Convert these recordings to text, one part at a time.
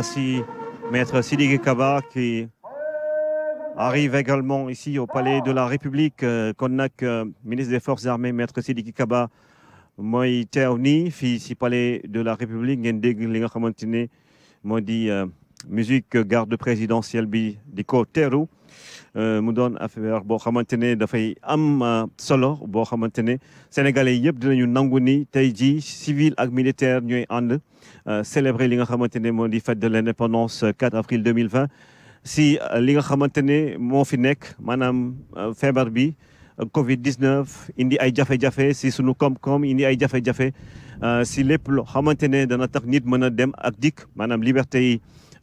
Merci Maître Sidi Kaba qui arrive également ici au Palais de la République. le euh, euh, ministre des Forces armées, Maître Sidi Kaba Palais de la République musique garde présidentielle bi di ko euh mu doon affaire bo xamantene da fay am euh, solo bo xamantene sénégalais yépp dinañu nangu ni tey civil ak militaire and euh célébrer li nga xamantene mo di fête de l'indépendance 4 euh, avril 2020 si euh, li nga xamantene mo fi nek manam feebar bi Covid 19 indi ay jafé jafé si sunu kom kom indi ay jafé euh si lépp lo xamantene ne dana tax nit mën dem ak dik manam liberté yi.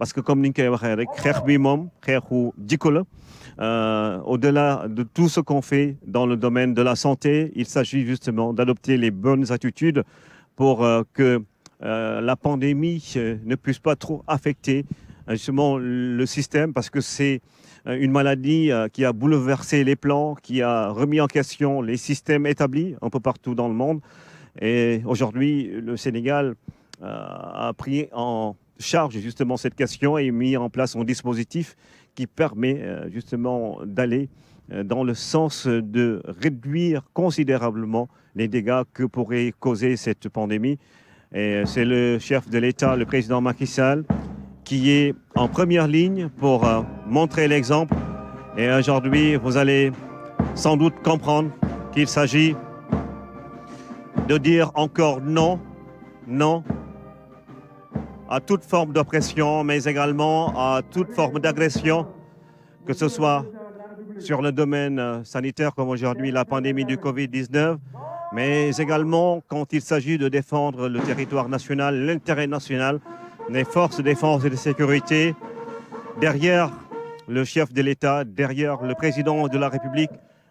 parce que comme ni euh, au-delà de tout ce qu'on fait dans le domaine de la santé il s'agit justement d'adopter les bonnes attitudes pour euh, que euh, la pandémie ne puisse pas trop affecter justement le système parce que c'est une maladie qui a bouleversé les plans, qui a remis en question les systèmes établis un peu partout dans le monde. Et aujourd'hui, le Sénégal a pris en charge justement cette question et mis en place un dispositif qui permet euh, justement d'aller euh, dans le sens de réduire considérablement les dégâts que pourrait causer cette pandémie. Et euh, c'est le chef de l'État, le président Macky Sall, qui est en première ligne pour montrer l'exemple. Et aujourd'hui, vous allez sans doute comprendre qu'il s'agit de dire encore non, non à toute forme d'oppression, mais également à toute forme d'agression, que ce soit sur le domaine euh, sanitaire comme aujourd'hui la pandémie du Covid-19, mais également quand il s'agit de défendre le territoire national, l'intérêt national, les forces de défense et de sécurité, derrière le chef de l'État, derrière le président de la République,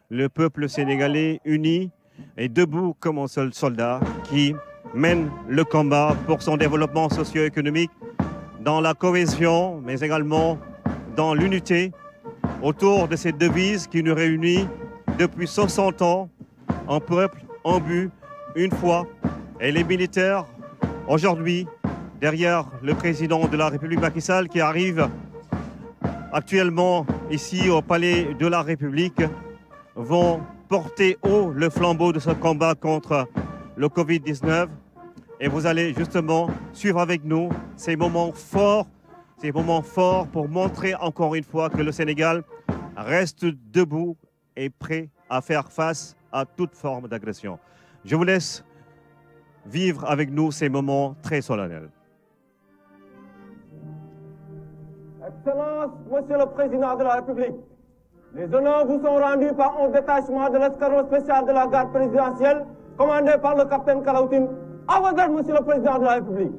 le peuple sénégalais uni et debout comme un seul soldat qui mène le combat pour son développement socio-économique dans la cohésion, mais également dans l'unité autour de cette devise qui nous réunit depuis 60 ans, un peuple, en but, une fois Et les militaires, aujourd'hui, derrière le président de la République Macky qui arrive actuellement ici au Palais de la République, vont porter haut le flambeau de ce combat contre le Covid-19 et vous allez justement suivre avec nous ces moments forts, ces moments forts pour montrer encore une fois que le Sénégal reste debout et prêt à faire face à toute forme d'agression. Je vous laisse vivre avec nous ces moments très solennels. Excellences, Monsieur le Président de la République, les honneurs vous sont rendus par un détachement de l'escadron spécial de la garde présidentielle commandé par le capitaine Kalaoutin, à vos la République.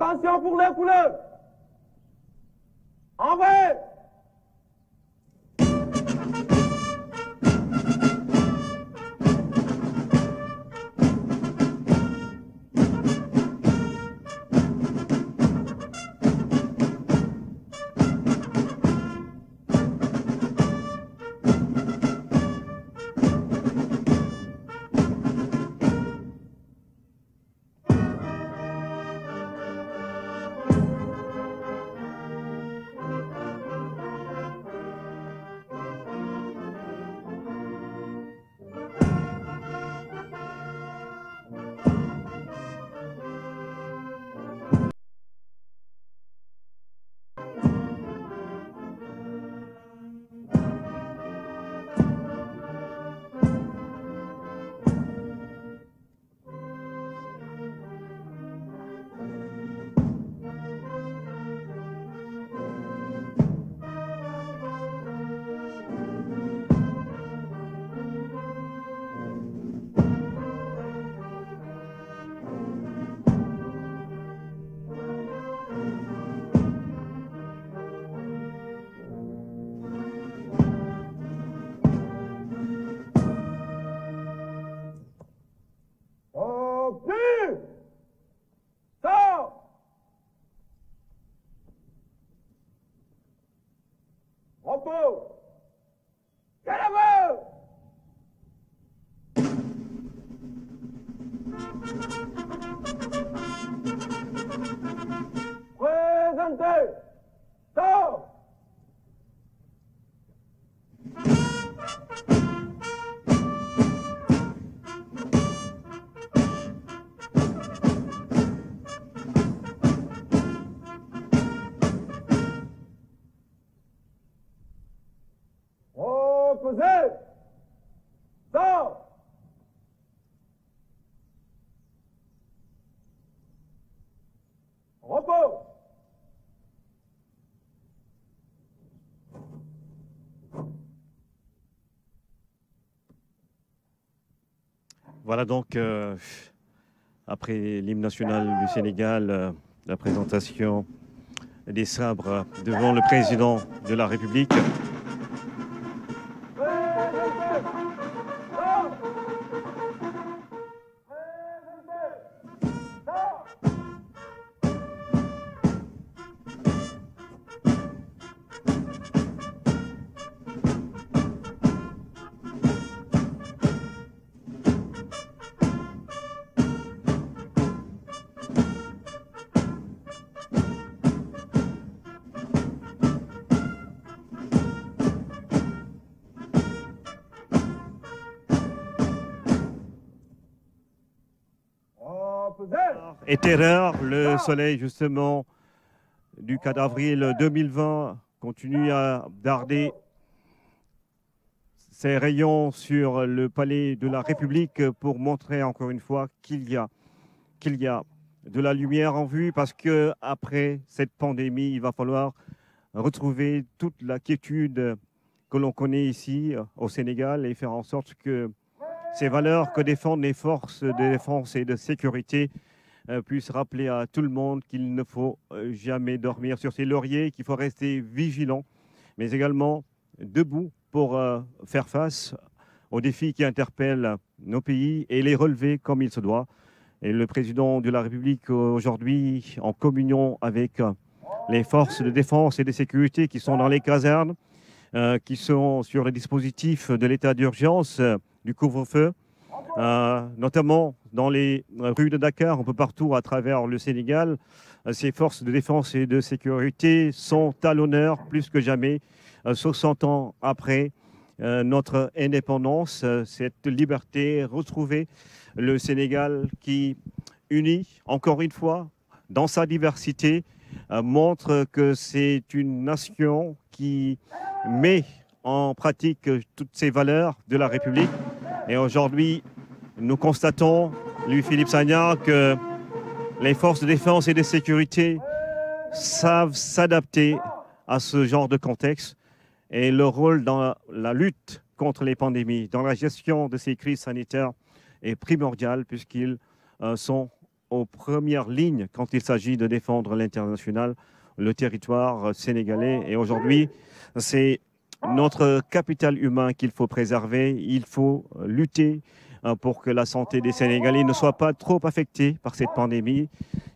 Attention pour les couleurs. En vrai. 对 Voilà donc, euh, après l'hymne national du Sénégal, euh, la présentation des sabres devant le président de la République. et terreur. Le soleil, justement, du 4 avril 2020 continue à darder ses rayons sur le palais de la République pour montrer encore une fois qu'il y a, qu'il y a de la lumière en vue parce que après cette pandémie, il va falloir retrouver toute la quiétude que l'on connaît ici euh, au Sénégal et faire en sorte que ces valeurs que défendent les forces de défense et de sécurité euh, puisse rappeler à tout le monde qu'il ne faut euh, jamais dormir sur ses lauriers, qu'il faut rester vigilant, mais également debout pour euh, faire face aux défis qui interpellent nos pays et les relever comme il se doit. Et le président de la République aujourd'hui, en communion avec les forces de défense et de sécurité qui sont dans les casernes, qui sont sur les dispositifs de l'état d'urgence, du couvre-feu, notamment dans les rues de Dakar, un peu partout à travers le Sénégal. Euh, ces forces de défense et de sécurité sont à l'honneur plus que jamais, 60 euh, ans après euh, notre indépendance, cette liberté retrouvée, le Sénégal qui unit encore une fois dans sa diversité, montre que c'est une nation qui met en pratique toutes ces valeurs de la République. Et aujourd'hui, nous constatons Louis-Philippe Sagnard, que les forces de défense et de sécurité savent s'adapter à ce genre de contexte et leur rôle dans la lutte contre les pandémies, dans la gestion de ces crises sanitaires est primordial puisqu'ils euh, sont aux premières lignes quand il s'agit de défendre l'international, le territoire euh, sénégalais. Et aujourd'hui, c'est notre capital humain qu'il faut préserver. Il faut lutter Hein, pour que la santé des Sénégalais ne soit pas trop affectée par cette pandémie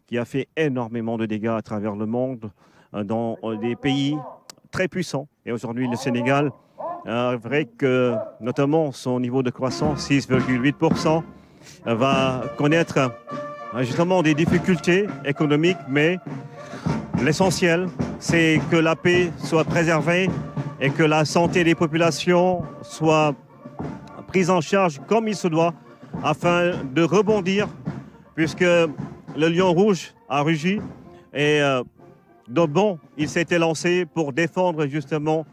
qui a fait énormément de dégâts à travers le monde hein, dans euh, des pays très puissants. Et aujourd'hui, le Sénégal, hein, vrai que notamment son niveau de croissance, 6,8%, va connaître justement des difficultés économiques, mais l'essentiel, c'est que la paix soit préservée et que la santé des populations soit prise en charge comme il se doit afin de rebondir puisque le Lion Rouge a rugi et euh, de bon, il s'était lancé pour défendre justement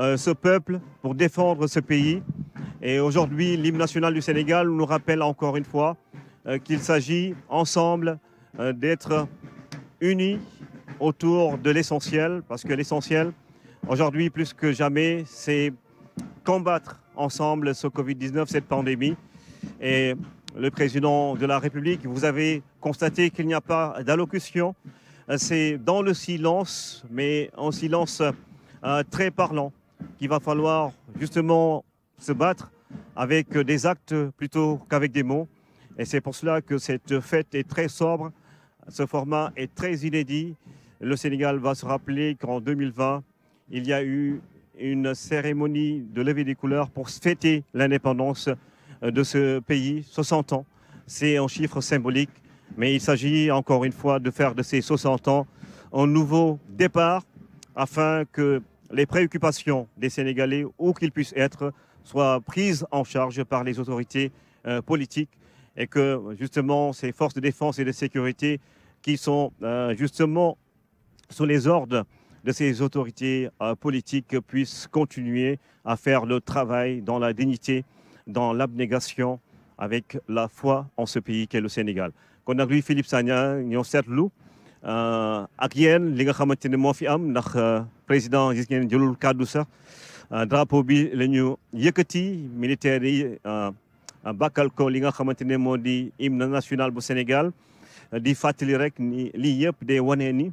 euh, ce peuple, pour défendre ce pays. Et aujourd'hui, l'hymne national du Sénégal nous rappelle encore une fois euh, qu'il s'agit ensemble d'être unis autour de l'essentiel, parce que l'essentiel, aujourd'hui plus que jamais, c'est combattre ensemble ce Covid-19, cette pandémie. Et le président de la République, vous avez constaté qu'il n'y a pas d'allocution. C'est dans le silence, mais un silence euh, très parlant, qu'il va falloir justement se battre avec des actes plutôt qu'avec des mots. Et c'est pour cela que cette fête est très sobre, ce format est très inédit. Le Sénégal va se rappeler qu'en 2020, il y a eu une cérémonie de levée des couleurs pour fêter l'indépendance euh, de ce pays, 60 ans. C'est un chiffre symbolique, mais il s'agit encore une fois de faire de ces 60 ans un nouveau départ afin que les préoccupations des Sénégalais, où qu'ils puissent être, soient prises en charge par les autorités euh, politiques et que justement ces forces de défense et de sécurité qui sont euh, justement sous les ordres de ces autorités euh, politiques puissent continuer à faire le travail dans la dignité, dans l'abnégation, avec la foi en ce pays qu'est le Sénégal. kon nag Philippe Sagna ñoo seetlu euh, ak yéen li nga xamante ne fi am ndax euh, président gis ngeen jëlul kàddu drapeau bi la ñu yëkkati militaires yi bàkkal ko li nga xamante ne hymne national bu Sénégal di fàttali rek ni lii yëpp day wane ni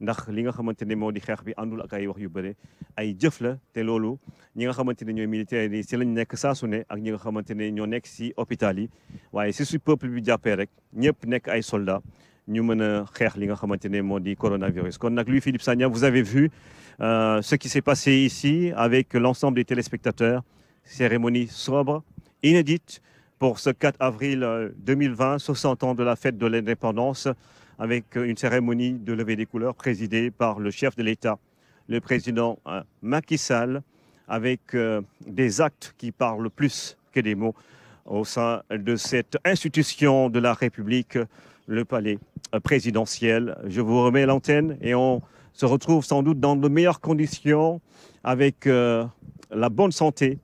ndax li nga xamante ne moo di xeex bi àndul ak ay wax yu bëre ay jëf la te loolu ñi nga xamante ne ñooy militaires yi si lañ nekk saa su ne ak ñi nga xamante ne ñoo nekk si hôpital yi waaye si su peuple bi jàppee rek ñëpp nekk ay soldats ñu mën a xeex li nga xamante ne moo di coronavirus kon nak Louis Philippe Sagna vous avez vu euh, ce qui s'est passé ici avec l'ensemble des téléspectateurs cérémonie sobre inédite pour ce 4 avril 2020 euh, 60 ans de la fête de l'indépendance avec euh, une cérémonie de levée des couleurs présidée par le chef de l'État, le président euh, Macky Sall, avec euh, des actes qui parlent plus que des mots au sein de cette institution de la République, le palais présidentiel. Je vous remets l'antenne et on se retrouve sans doute dans de meilleures conditions avec la bonne santé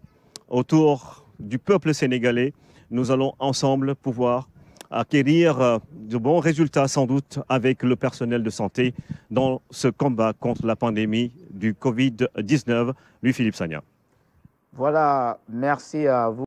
autour du peuple sénégalais. Nous allons ensemble pouvoir acquérir euh, de bons résultats sans doute avec le personnel de santé dans ce combat contre la pandémie du Covid-19. Louis-Philippe Sagna. Voilà, merci à vous.